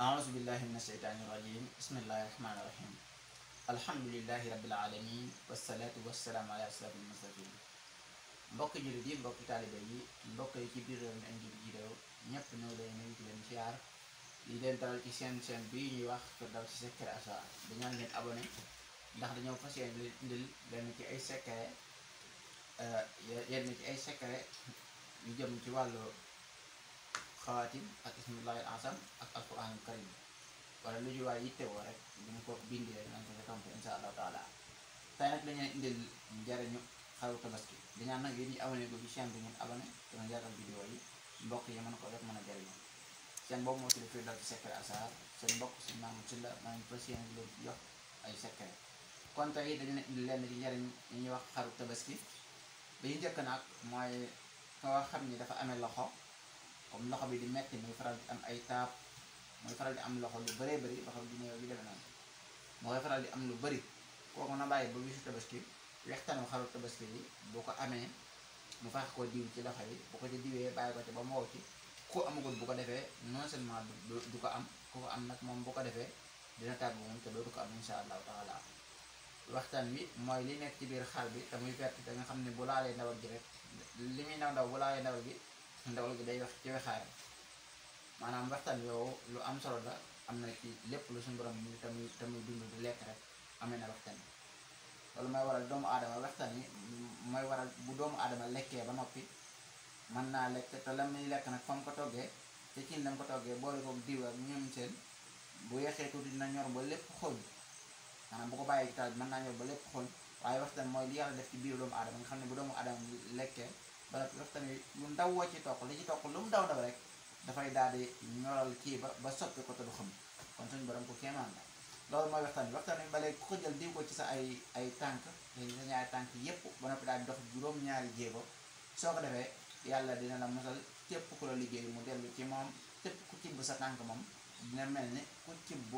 أعوذ بالله من الشيطان الرجيم بسم الله الرحمن الرحيم الحمد لله رب العالمين والصلاة والسلام على أشرف المرسلين mbokk jullit yi mbokk taalibe yi mbokk yi ci biir réew mi ak biir réew ñëpp ñoo lay nuyu di leen siyaar di leen dalal ci seen chaîne bii ñuy wax Firdaws Secret Asrar dañaan leen abonné ndax dañoo fas yéene indil lenn ci ay secret yenn ci ay secret yu jëm ci wàllu khawatim ak ismullahi asam ak alquran karim wala lu ju waay yitte woo rek bu ko bindé dinañ ko tomp insha allah taala tey nag dañuy indil jarignu xaru tabaski di ñaan ya, nak yéen ñi abonné ko ci chaîne bi ngeen abonné na yaatal vidéo yi mbokk yi mën ko def mëna mën chaîne bobu mo ci moo dal ci secret asar seen mbokk ci maamu ci la maa ngi fas yéene di ay secret kon tay dañu ne indil lenn ci njariñ yi wax xaru tabaski bi ñu jëk nak moy ko xamni dafa amé loxo comme loxo bi di metti muy faral di am ay taab muy faral di am loxo lu bëree bëri loxo bi di néew bi moo koy faral di am lu bëri kooku na bàyyi ba bisu tabaski wextanu xaru tabaski yi boo ko amee mu fax koo diw ci loxo yi bu ko ci diwee bàyyi ko ci ba mu wow ci ku amagul bu ko defee non seulement du ko am ku ko am nag moom bu ko defee dina tàgg moom te dootu ko am insha allahu taala waxtaan wi mooy li nekk ci biir xaal bi te muy vert te nga xam ne bu laalee ndawal gi rek li muy ndaw ndawal gi day wax ci wexaay maanaam waxtaan yow lu am solo la am na ci lépp lu suñu borom ñu tamuy tamuy dund di lekk rek amee na waxtaan yi loolu mooy waral doomu aadama waxtaan yi mooy waral bu doomu aadama lekkee ba noppi mën naa lekk te la muy lekk nag fa mu ko toggee te ci la ko toggee boole ko diw ak ñoom seen bu yeexee tuuti dina ñor ba lépp xooñ maanaam bu ko bàyyee ci taal bi mën naa ñor ba lépp xooñ waaye waxtaan mooy li yàlla def ci biir doomu aadama nga xam ne bu doomu aadama lekkee ba daf tamit lu ndaw ci toq li ci toq lu mu daw daw rek dafay daal di ñoral kii ba ba soppi ko te du kon suñu borom ko kéemaan la loolu mooy waxtaan bi waxtaan bi balee ku ko ci sa ay ay tànk léegi sa ñaari tànk ba noppi daal di dox juróom-ñaari jéego soo ko defee yàlla dina la mosal képp ku la liggéey mu dellu ci moom képp ku cibb sa tànk moom dina mel ni ku cibb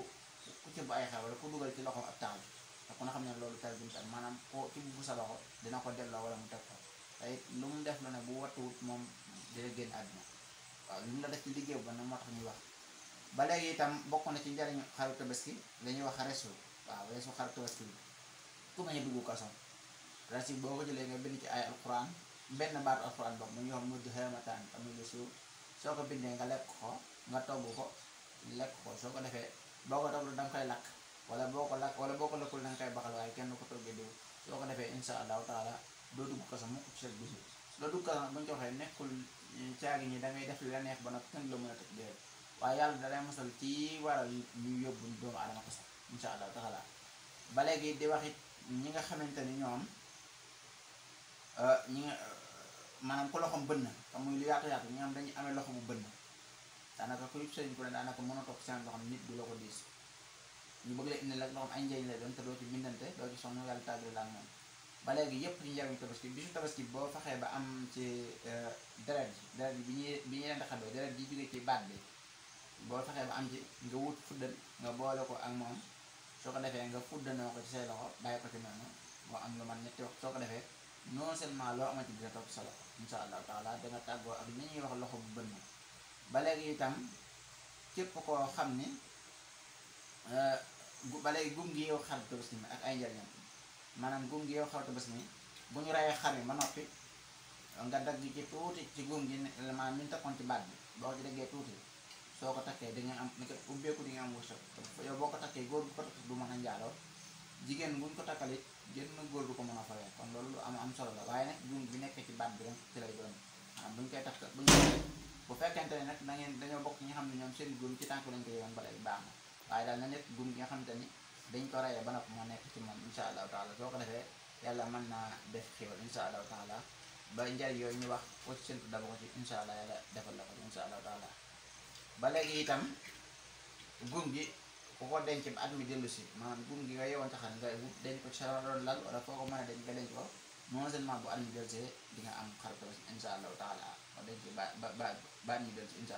ku cibb ay xew wala ku dugal ci loxo ab taal te ku na xam ne loolu tarbimt ak maanaam ko bu sa loxo dina ko delloo wala mu teg ko tey lu mu def ma ne bu wattuwut moom dina génn àdduna waaw lu mu la def ci liggéey ba nag moo tax ñuy wax ba léegi itam bokk na ci njariñu xaru tabaski dañuy wax resu waaw resu xaru tabaski bi ku bañ a dugg kaso res yi boo ko jëlee nga bind ci ay alquran benn baatu alquran boobu mu ñuy wax mujj xeemataan amulu suuf soo ko bindee nga lekk ko nga togg ko lekk ko soo ko defee boo ko togg da koy lakk wala boo ko lakk wala boo ko lakkul da nga koy baxal waaye kenn ko toggee diw soo ko defee insha allahu taala doo dugg kaso mukk ci set bu si la dugg kaso nag buñ ko waxee nekkul caagi ñi da ngay def la neex ba nak tan lo meuna tek de wa yalla yàlla da lay mosal ci waral ñu yobbu ñu doom aadama kaso insha inshallah taala ba legi di wax it ñi nga xamanteni ñoom euh ñi nga manam ko loxom bënn te muy lu yaatu yaatu ñam nga xam dañuy amee loxo bu bënn daanaka ko yëpp sëriñ ko ne daanaka mën a toog seen nit du lako dis ñu bëgg la indi la loo ay ñeñ la dem te do ci bindante do ci sonu yalla tàggale la ñoom balegi yep yëpp ñu njariñu tabaski bisu tabaski bo faxe ba am ci dereg dereg bi ñi bi ñi lan taxabe dereg bi jige ci baat bi bo fexee ba am ci nga wut fudde nga boole ko ak mom soko defé nga fuddanoo noko ci say loxo bàyyi ko ci non bo am lu man ñet wax soko defé non seulement loo amati dina top solo inshallah taala da nga taggo ak ñi ñi wax loxo bu bënn balegi itam képp ko xamni euh balegi gum gi yow xal tabaski ak ay njariñam manam gum gi yo xaw ta bés mi bu ñu reyee xar yi ba noppi nga ci tuuti ci gum gi min ta kon ci bad bi bo ci dege tuuti soko takke takkee di nga am ni ko ko di nga am wërsëg yo boo ko takkee góor bu ko takk du mën ndialo jigen jigéen buñ ko takkalit génn gor bu ko mën a kon loolu am am solo la waye nak gum bi nekk ci bad bi rek ci lay doon am buñ koy takk buñ koy bu fekkante ne nag da ngeen dañu bok ñi xamni ñom seen gum ci tanku lañ koy yoon ba lay baax waye dal na nekk gum gi nga xamni ni dañ ko rayee ba nag moo nekk ci moom incha allahu taala soo ko defee yàlla mën naa def xéwal incha ba njariñ yooyu ñu wax ko ci séntu daba ko ci allah yàlla defal la ko ci incha allahu taala ba léegi itam gum gi ku ko denc ba at mi dellu si maanaam gum gi nga yowoon taxan nga wut denc ko sa doon lal wala foo ko mën a denc nga bu at dellu see di nga am xar tabaski incha allahu taala ko ba ba ba at mi dellu si incha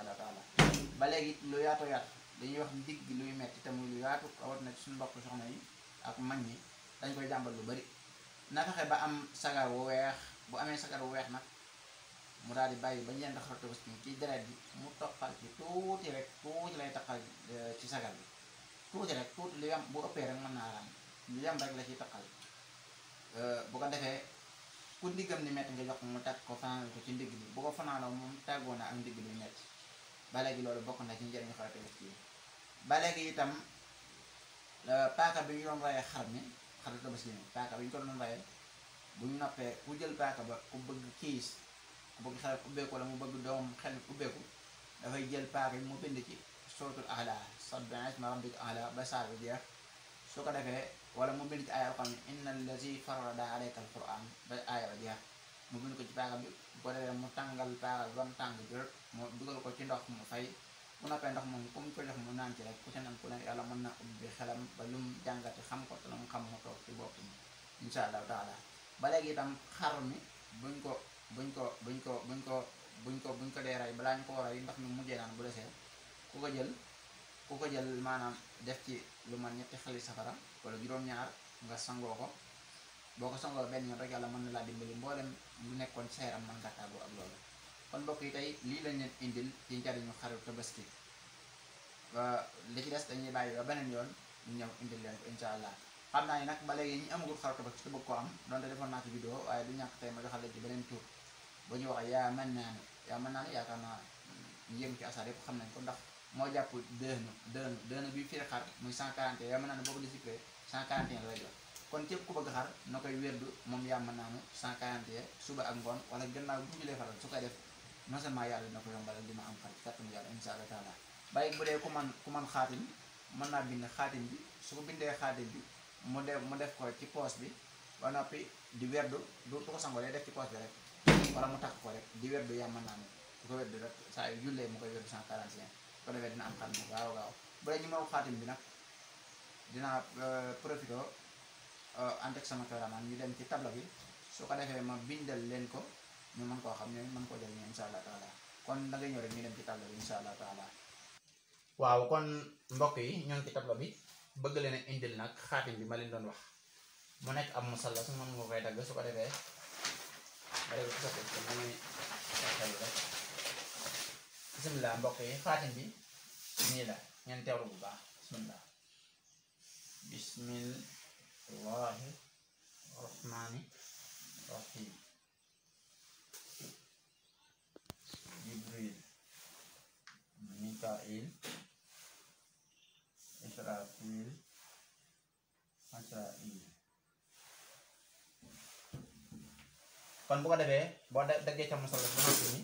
léegi lu yaatoo dañuy wax gi luy metti te muy lu yaatu rawat na ci suñu mbokk soxna yi ak mag ñi dañ koy jàmbal lu bari na fexe ba am sagar wu weex bu amee sagar wu weex nag mu daal di bàyyi bañ leen di xaratu ci ci deret bi mu toppal ci tuuti rek tuuti lay taqal euh, ci sagar bi tuuti rek tuuti li yam bu ëppee rek mën naa raam li yam rek la ciy taqal euh, bu ko defee ku ndiggam ni metti nga jox mu teg ko fanaanal ko ci ndigg bi bu ko fanaanoo moom tàggoo na ak ndigg bi metti ba léegi loolu bokk na ci njëriñu xaratu ci ba léegi itam euh, paaka bi ñu doon raye xar mi xar tabaski mi paaka bi ñu ko doon raye bu ñu noppee ku jël paaka ba ku bëgg kiis ku bëgg xel ubbeeku wala mu bëgg doom xel ubbeeku dafay jël paaka bi mu bind ci suratul ahla sabbi isma rabbika ahla ba saar bi jeex su ko defee wala mu bind ci aaya xam ne inna allazi farada alayka al quran ba aaya ba jeex mu bind ko ci paaka bi bu ko defee mu tàngal paaka bi ba mu tàng jër mu dugal ko ci ndox mu fay kunapenda mun kum ko jox mu naan ci rek ku ci nan ku ne yàlla mën na ubbi xelam ba lum jangati xam ko to lum xam mo toog ci boppam insha allah taala ba legi tam xar mi buñ ko buñ ko buñ ko buñ ko buñ ko buñ ko de ray bala ñu ko rey ndax mi mujjé nan bu lesse ku ko jël ku ko jël manam def ci lu man ñetti xali safara wala juroom ñaar nga sango ko boko sango ben ñu rek yalla mën na laa dimbali mbolem lu nekkon sa man mën nga tàggoo ak lolu kon mbokk yi tey lii lañ leen indil ci njariñu xaru tabaski li ci des dañuy bàyyi ba beneen yoon ñu ñëw indil leen ko incha allah xam naa ni nag ba léegi ñi amagul xaru tabaski te bëgg koo am donte defoon naa ci vidéo waaye du ñàkk tey ma joxal la ci beneen tour bu ñu wax yaa mën naa ne yaa mën naa yaakaar naa ñu yëm ci asaar yëpp xam nañ ko ndax moo jàpp deux na deux bi firi xar muy 141 yaa mën naa ne boobu disciple 141 la jox kon képp ku bëgg xar na koy wérdu moom yaa mën naa ne 141 suba ak ngoon wala gannaaw bu ñu su koy def masa maya rin ako yung balang am xar ci kàttanu yàlla insha Baik taala kuman kuman kuman khatin, man na bin khatin bi su ko bi def ko ci poos bi wana api di werdu du ko sangoo lay def ci poos wala mo tak korek di werdu yaa man nami, ne du ko werdu rek saa yu jullee mu koy werdu cent quarante ko defee dina am xar mu gaaw gaaw bu dee bi profito sama cameraman ñu dem kitab so suka su ko defee ma ko ñu mën koo xam ñooñu mën koo jëriñoo incha allah taala kon da ngay ñëw rek bi incha allah taala waaw kon mbokk yi ñoo ngi ci bi bëgg leen a indil nag xaatim bi ma leen doon wax mu nekk am musalla su mën nga koy dagg su ko defee nga def mbokk yi xaatim bi nii la bu baax Mikail Israfil Masail kan buka deh be buat dek dek macam masalah mana sini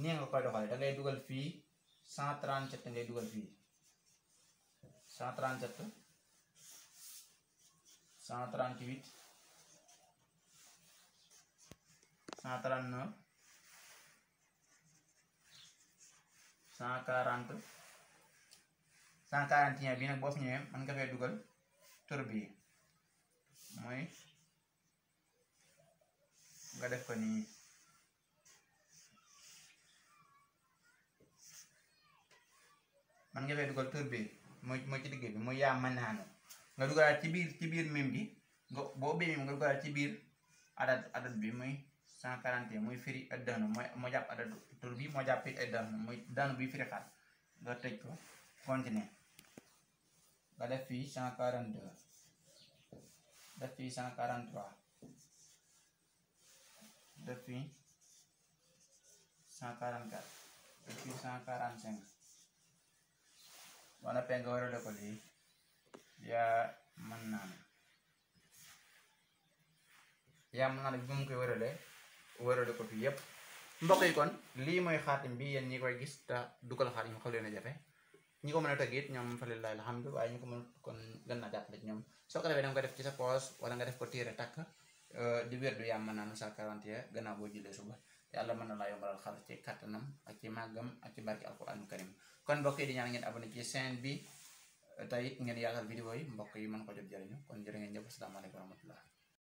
ini yang kau kau dek dua kali fee sangat rancet dua kali fee sangat rancet tuh sangat rancit sangat rancit 140 140 cent bi nak bo fi ñëw man nga fay duggal tour bi moy nga def ko ni man nga fay duggal tour bi moy moy ci digg bi moy ya mën naanu nga duggal ci biir ci biir mim bi bo boo nga duggal ci biir adat adat bi moy 141 muy firi addanu moy mo japp adadu tur bi mo jappi addanu muy dan bi firi xar kan. nga tej ko continuer ba def fi 142 def fi 143 def fi 144 def fi 145 boo noppee nga warale ko lii ya mën naa ne yaa mën bi mu koy warale wërale ko fi yépp mbokk yi e kon li moy khatim bi yéen ñi koy e gis la dugal xaatim xol leen a jafe eh. ñi ko mëna a ñom fa lillahi alhamdu waaye ñi ko mëna kon gën na jàppale ñom so ko rewé da nga ko def ci sa pause wala nga def ko tak euh di wér du yàmm na sa quarante gannaaw bo jullee suba yalla mëna na laa yombalal xaalis ci katanam ak ci magam ak ci barki alquranu karim kon mbokk yi e di ñaan ngeen abonné ci chaîne bi eh, tay ngeen yaatal video yi mbokk yi mën ko jot jëriñu kon jërë ngeen jëf asalaamaaleykum wa rahmatullah